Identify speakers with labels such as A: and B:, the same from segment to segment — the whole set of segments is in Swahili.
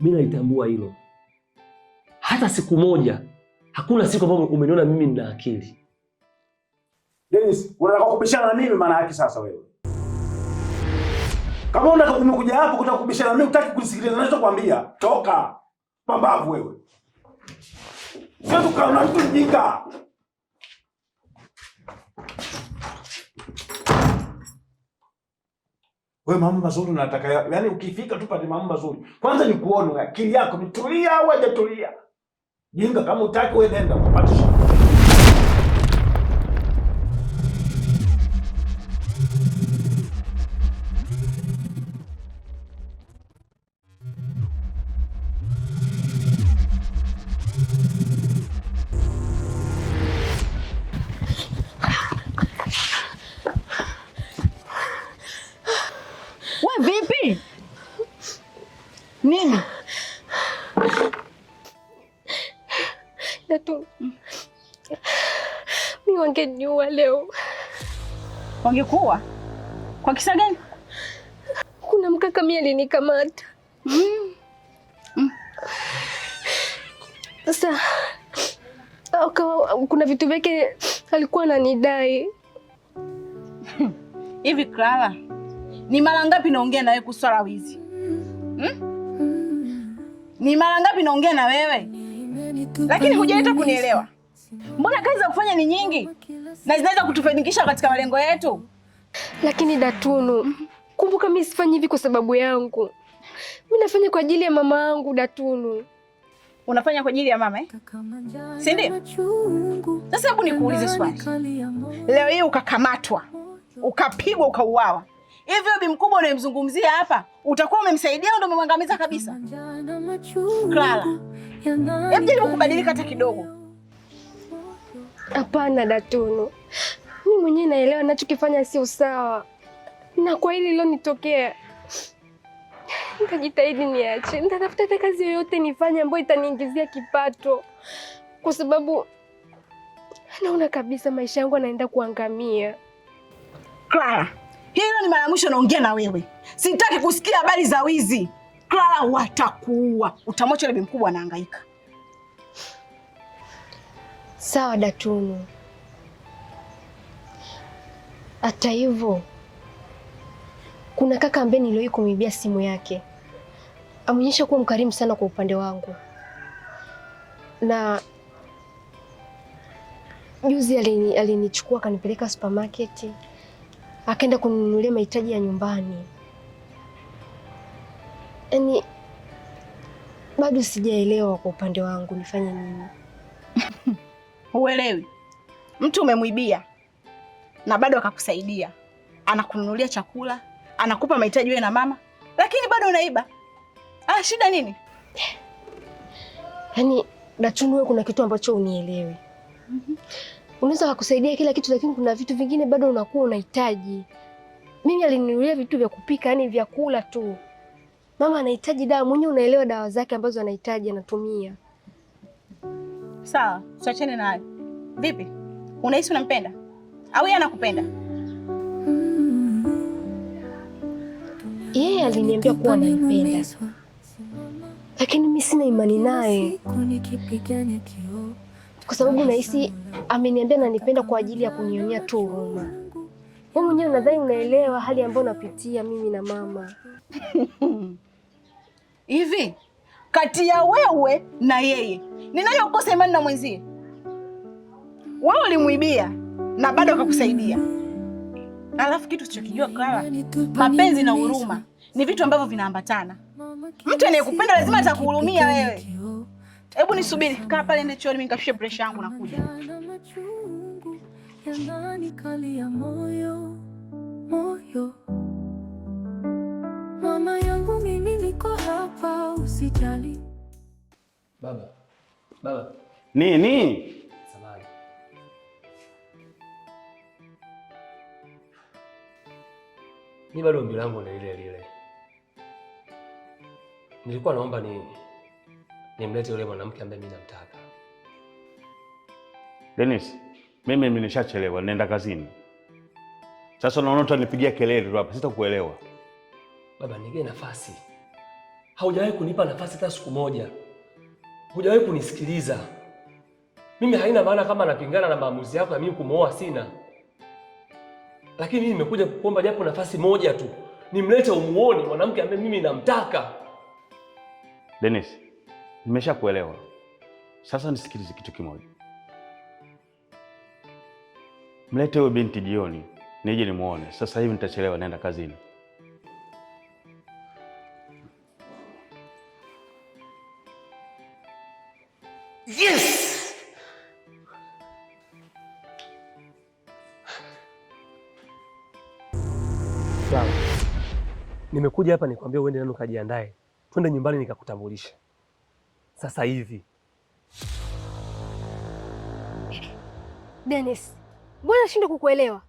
A: Mimi nalitambua hilo. Hata siku moja, hakuna siku ambayo umeniona mimi nina akili.
B: Dennis, unataka kubishana na mimi maana yake sasa wewe? Kama unataka kumekuja hapo kutaka kubishana na mimi, utaki kunisikiliza ninachokwambia, toka. Pambavu wewe. Sio tukaona mtu mjinga. We mambo mazuri unataka yaani, ukifika tu pale mambo mazuri kwanza ni kuona akili yako mtulia au hajatulia. Jinga kama utaki, wewe nenda ukapatisha
C: na tu Mi wangeniua leo.
D: Wangekuwa kwa kisa gani?
C: Kuna mkaka mimi alinikamata mm. mm. Sasa kuna vitu vyake alikuwa ananidai
D: hivi. Clara, ni mara ngapi naongea na wewe kuhusu wizi hmm? ni mara ngapi naongea na wewe lakini hujaita kunielewa. Mbona kazi za kufanya ni nyingi na zinaweza kutufanikisha katika malengo yetu?
C: Lakini Datunu, kumbuka mimi sifanyi hivi kwa sababu yangu, mimi nafanya kwa ajili ya mama yangu. Datunu,
D: unafanya kwa ajili ya mama eh? Si ndio? Sasa hebu nikuulize swali leo hii, ukakamatwa ukapigwa ukauawa Hivyo bi mkubwa unayemzungumzia hapa utakuwa umemsaidia au ndio umemwangamiza kabisa? Clara, hebu jaribu kubadilika hata kidogo.
C: Hapana Datunu, mi mwenyewe naelewa nachokifanya sio sawa, na kwa hili lilonitokea nitajitahidi niache, nitatafuta hata kazi yoyote nifanye ambayo itaniingizia kipato, kwa sababu naona kabisa maisha yangu yanaenda kuangamia.
D: Clara hilo ni mara mwisho naongea na wewe. Sitaki kusikia habari za wizi. Clara watakuua. Utamwacha yule mkubwa anahangaika.
C: Sawa Datunu. Hata hivyo kuna kaka ambaye niliwahi kumwibia simu yake, amonyesha kuwa mkarimu sana kwa upande wangu, na juzi alinichukua alini akanipeleka supermarket akaenda kununulia mahitaji ya nyumbani. Yaani bado sijaelewa kwa upande wangu nifanye nini?
D: Uelewi? Mtu umemwibia na bado akakusaidia, anakununulia chakula, anakupa mahitaji wewe na mama, lakini bado unaiba. Ah, shida nini?
C: Yaani Dachunwe, kuna kitu ambacho unielewi. Mm -hmm unaweza kukusaidia kila kitu, lakini kuna vitu vingine bado unakuwa unahitaji. Mimi alininulia vitu vya kupika, yani vyakula tu. Mama anahitaji dawa, mwenyewe unaelewa dawa zake ambazo anahitaji anatumia.
D: Sawa, tuachane nayo. Vipi, unahisi unampenda au yeye anakupenda?
C: Yeye aliniambia kuwa anampenda, lakini mimi sina imani naye kwa sababu nahisi ameniambia nanipenda kwa ajili ya kunionea tu huruma. Wewe mwenyewe nadhani unaelewa hali ambayo napitia mimi na mama
D: hivi kati ya wewe na yeye ninayokosa imani na mwenzie? Wewe ulimwibia na bado akakusaidia. Alafu kitu chokijua kwa mapenzi na huruma ni vitu ambavyo vinaambatana. Mtu anayekupenda lazima atakuhurumia wewe. Hebu nisubiri, kaa pale ende chooni, mimi nikafishe presha yangu nakuja. kali ya Moyo moyo,
E: mama yangu, mimi niko hapa, usijali. Baba, baba.
F: Nini?
E: Samahani. Ni bado ombi langu ni lile lile. Nilikuwa naomba nini nimlete yule mwanamke ambaye mimi namtaka.
F: Dennis, mimi nishachelewa, nenda kazini. Sasa unaona anipigia kelele tu hapa, sitakuelewa.
E: Baba, nige nafasi. Haujawahi kunipa nafasi hata siku moja, hujawahi kunisikiliza mimi. Haina maana kama napingana na maamuzi yako ya mimi kumooa Sina, lakini mimi nimekuja kukuomba japo nafasi moja tu, nimlete umuone mwanamke ambaye mimi namtaka.
F: Dennis nimesha kuelewa Sasa nisikilize kitu kimoja, mlete huyo binti jioni nije nimwone. Sasa hivi nitachelewa, naenda kazini. Yes! nimekuja hapa nikwambia uende nani, ukajiandae twende nyumbani nikakutambulisha sasa hivi.
D: Dennis, mbona nashindwa kukuelewa?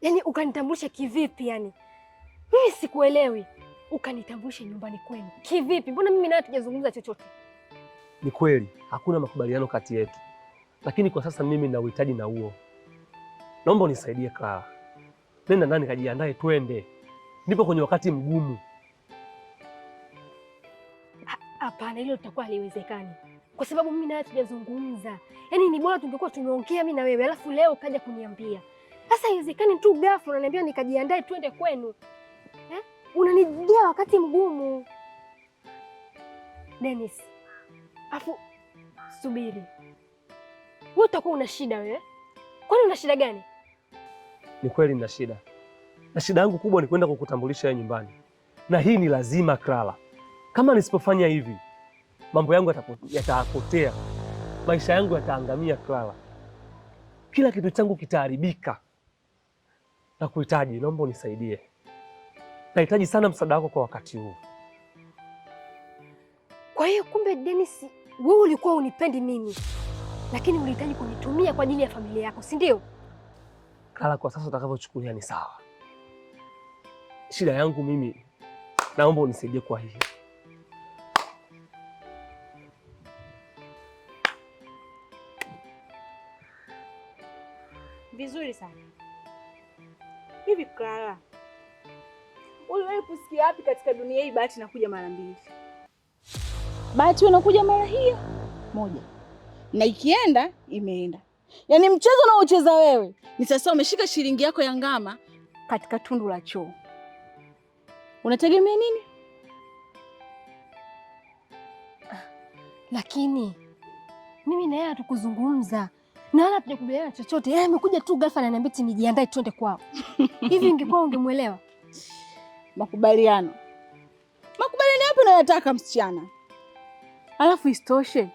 D: Yaani ukanitambulisha kivipi? Yani mimi sikuelewi. Ukanitambulisha nyumbani kwenu kivipi? Mbona mimi nawe tujazungumza chochote?
F: Ni kweli hakuna makubaliano kati yetu, lakini kwa sasa mimi na uhitaji na huo, naomba unisaidie. Clara. nenda ndani, kajiandae, twende. Nipo kwenye wakati mgumu.
D: Hapana, hilo litakuwa haliwezekani kwa sababu mimi nawe tujazungumza. Yaani ni bora tungekuwa tumeongea mimi na wewe, alafu leo ukaja kuniambia. Sasa haiwezekani tu ghafla unaniambia nikajiandae twende kwenu eh? Unanijia wakati mgumu Dennis. Afu subiri, wewe utakuwa una shida wewe. Kwani una shida gani?
F: Ni kweli nina shida, na shida yangu kubwa ni kwenda kukutambulisha wewe nyumbani, na hii ni lazima Clara. Kama nisipofanya hivi, mambo yangu yatapotea, maisha yangu yataangamia. Clara, kila kitu changu kitaharibika. Nakuhitaji, naomba unisaidie. Nahitaji sana msaada wako kwa wakati huu.
D: Kwa hiyo kumbe, Dennis, wewe ulikuwa unipendi mimi, lakini ulihitaji kunitumia kwa ajili ya familia yako, si ndio?
F: Clara, kwa sasa utakavyochukulia ni sawa. Shida yangu mimi, naomba unisaidie kwa hiyo
D: vizuri sana. Hivi Clara, uliwahi kusikia wapi katika dunia hii bahati inakuja mara mbili? Bahati unakuja mara hiyo moja, na ikienda imeenda. Yaani mchezo unaocheza wewe ni sasa, umeshika shilingi yako ya ngama katika tundu la choo, unategemea nini?
C: Ah, lakini mimi na yeye hatukuzungumza na wala tujakubaliana chochote. Yeye amekuja tu ghafla ananiambia eti nijiandae twende kwao. Hivi ingekuwa ungemwelewa?
D: Makubaliano, makubaliano yapi unayotaka msichana? Alafu isitoshe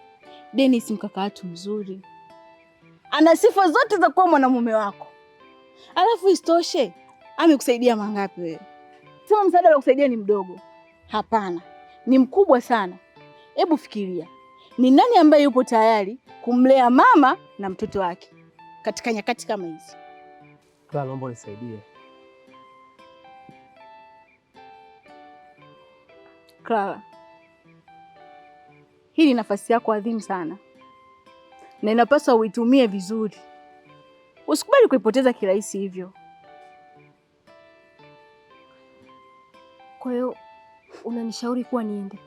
D: Dennis mkaka watu mzuri, ana sifa zote za kuwa mwanamume wako. Alafu isitoshe amekusaidia mangapi wewe? Sema msaada wa kusaidia ni mdogo? Hapana, ni mkubwa sana. Hebu fikiria, ni nani ambaye yupo tayari kumlea mama na mtoto wake katika nyakati kama hizi.
F: Clara, naomba unisaidie.
D: Clara, hii ni nafasi yako adhimu sana na inapaswa uitumie vizuri. Usikubali kuipoteza kirahisi hivyo.
C: Kwa hiyo unanishauri kuwa niende?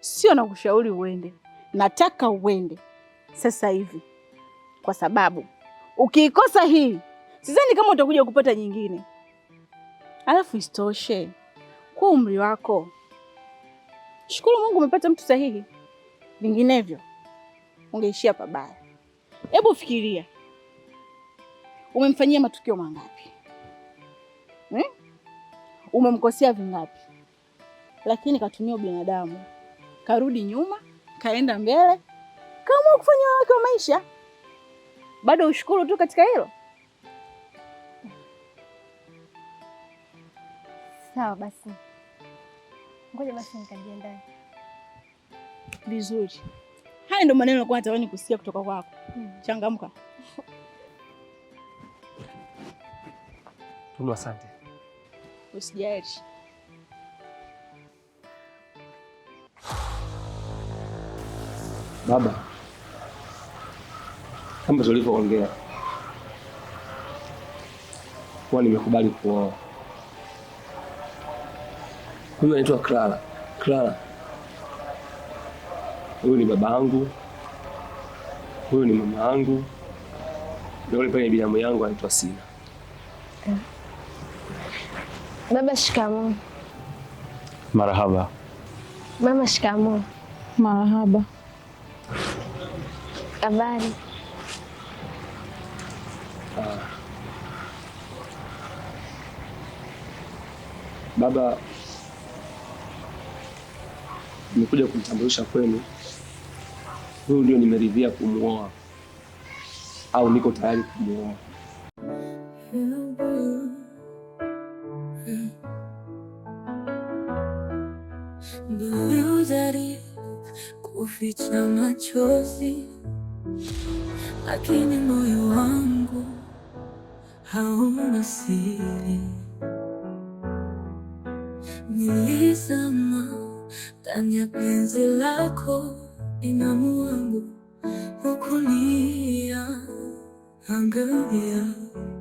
D: Sio, nakushauri uende. Nataka uende sasa hivi kwa sababu ukiikosa hii sidhani kama utakuja kupata nyingine. Alafu isitoshe kwa umri wako, shukuru Mungu umepata mtu sahihi, vinginevyo ungeishia pabaya. Hebu fikiria umemfanyia matukio mangapi hmm? Umemkosea vingapi? Lakini katumia binadamu, karudi nyuma, kaenda mbele, kaamua kufanya wake wa maisha bado ushukuru tu katika hilo. Sawa basi, ngoja basi nikajiandae vizuri. Haya ndo maneno nilikuwa natamani kusikia kutoka kwako. Hmm. Changamka Tunu, asante. Usijali.
E: Baba kama tulivyoongea kuwa nimekubali kuoa. Huyu anaitwa Clara. Clara, huyu ni baba yangu, huyu ni mama yangu, na yule pale binamu yangu anaitwa Sina.
C: Baba shikamo. Marahaba. Mama shikamo.
D: Marahaba.
C: Habari? Ah.
E: baba, nimekuja kumtambulisha kwenu, huyu ndio nimeridhia kumwoa au niko tayari kumwoa. kuficha machozi lakini moyo wangu hauna siri. Nilizama ndani ya penzi lako, binamu wangu, hukulia, angalia